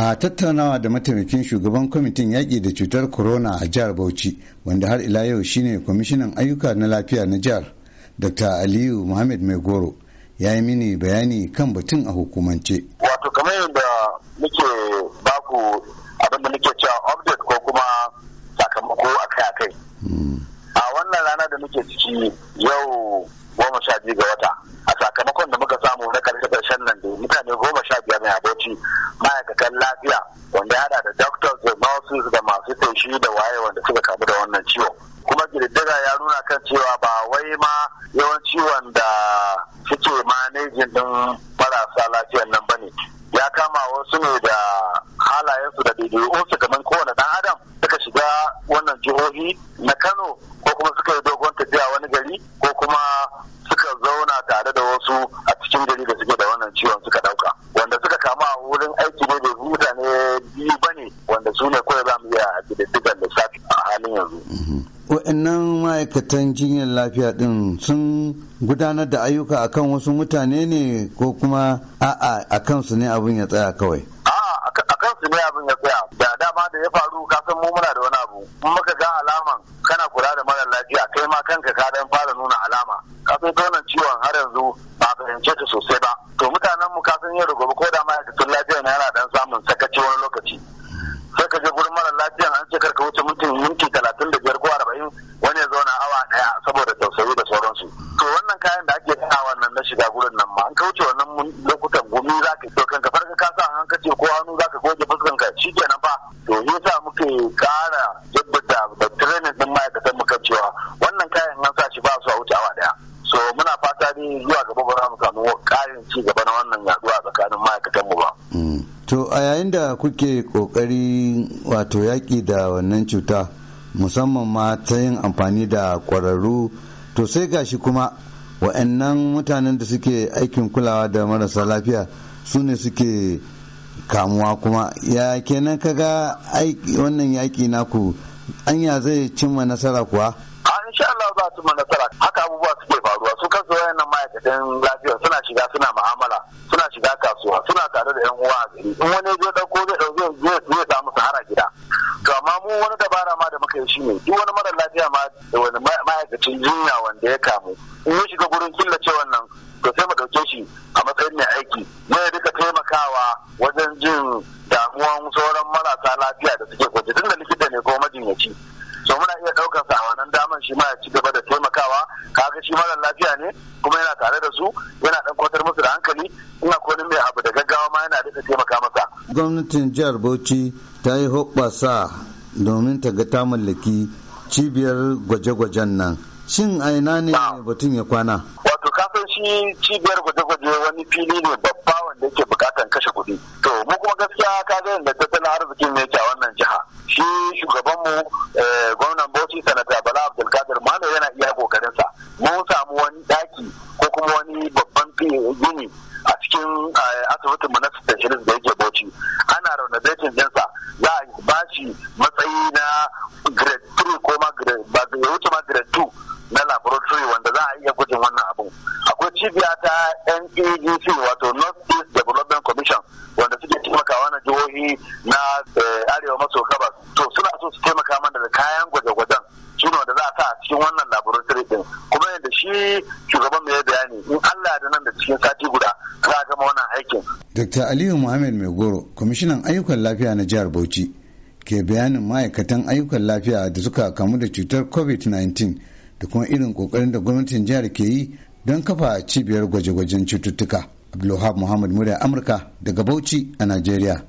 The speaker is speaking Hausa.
a tattaunawa da mataimakin shugaban kwamitin yaƙi da cutar corona a jihar bauchi wanda har ila yau shine kwamishinan ayyuka na lafiya na jihar dr aliyu muhammad mai goro ya yi mini bayani kan batun a hukumance wato kamar yadda muke baku abin da muke cewa update ko kuma sakamako akai akai hmm. a wannan rana da muke ciki yau goma sha biyu ga su da masu taushi da waye wanda suka kamu da wannan ciwon kuma girgiza ya nuna kan cewa ba wai ma ciwon da suke manejin din yanzu wa'annan ma'aikatan jinyar lafiya din sun gudanar da ayyuka akan wasu mutane ne ko kuma a'a a su ne abin ya tsaya kawai a'a a su ne abin ya tsaya da dama da ya faru ka san mu muna da wani abu in muka ga alaman kana kula da mara lafiya kai ma kanka ka dan fara nuna alama ka san ciwon har yanzu ba fahimce ta sosai ba to mutanen mu ka san yau da ko da ma'aikata. ka sa hankali ko hannu za ka goge fuskanka shi nan ba to sa muke kara jabbata da training din ma'aikatan mu kan cewa wannan kayan an sa shi ba su a wuce awa daya so muna fata ne zuwa gaba ba za mu samu karin ci gaba na wannan yaduwa tsakanin ma'aikatan mu ba mm. to a yayin da kuke kokari wato yaki da wannan cuta musamman ma ta yin amfani da kwararru to sai gashi kuma wa'annan mutanen da suke aikin kulawa da marasa lafiya su ne suke kamuwa kuma ya kenan kaga wannan yaƙi naku anya zai cimma nasara kuwa insha Allah za su nasara haka abubuwa suke faruwa su kansu wayannan ma'aikatan lafiya suna shiga suna ma'amala suna shiga kasuwa suna tare da yan uwa a gari in wani zai dauko zai dauko zai samu sahara gida to amma mu wani dabara ma da muka yi shine duk wani mara lafiya ma da wani ma'aikacin jinya wanda ya kamu in ya shiga gurin killace wannan to sai mu dauke shi a matsayin mai aiki lafiya da suke tun da likita ne ko majinyaci so muna iya ɗaukar sa wannan daman shi ma ya ci gaba da taimakawa kaga shi mara lafiya ne kuma yana tare da su yana ɗan kwatar musu da hankali ina koni mai abu da gaggawa ma yana da taimaka masa gwamnatin jihar Bauchi ta yi hoɓɓasa domin ta ga ta mallaki cibiyar gwaje-gwajen nan shin a ina ne batun ya kwana wato kafin shi cibiyar gwaje-gwaje wani fili ne gwamnan bauchi sanata bala abdulkadir mano yana iya kokarin sa mu samu wani daki ko kuma wani babban gini a cikin eh, asibitin mu na specialist da yake bauchi ana renovating dinsa za a ba shi matsayi na grade 3 ko ma grade ba wuce ma grade 2 na laboratory wanda za a iya gujin wannan abu. akwai cibiya ta NEDC e wato North East Development Commission wanda suke taimakawa na jihohi na shi eh, shugaban mai bayani in Allah da nan da cikin sati guda za a gama wannan aikin. Dr. Aliyu Muhammad Maigoro, kwamishinan ayyukan lafiya na jihar Bauchi, ke bayanin ma'aikatan ayyukan lafiya da suka kamu da cutar COVID-19 da kuma irin kokarin da gwamnatin jihar ke yi don kafa cibiyar gwaje-gwajen cututtuka. Abdulwahab Muhammad Murya Amurka daga Bauchi a Najeriya.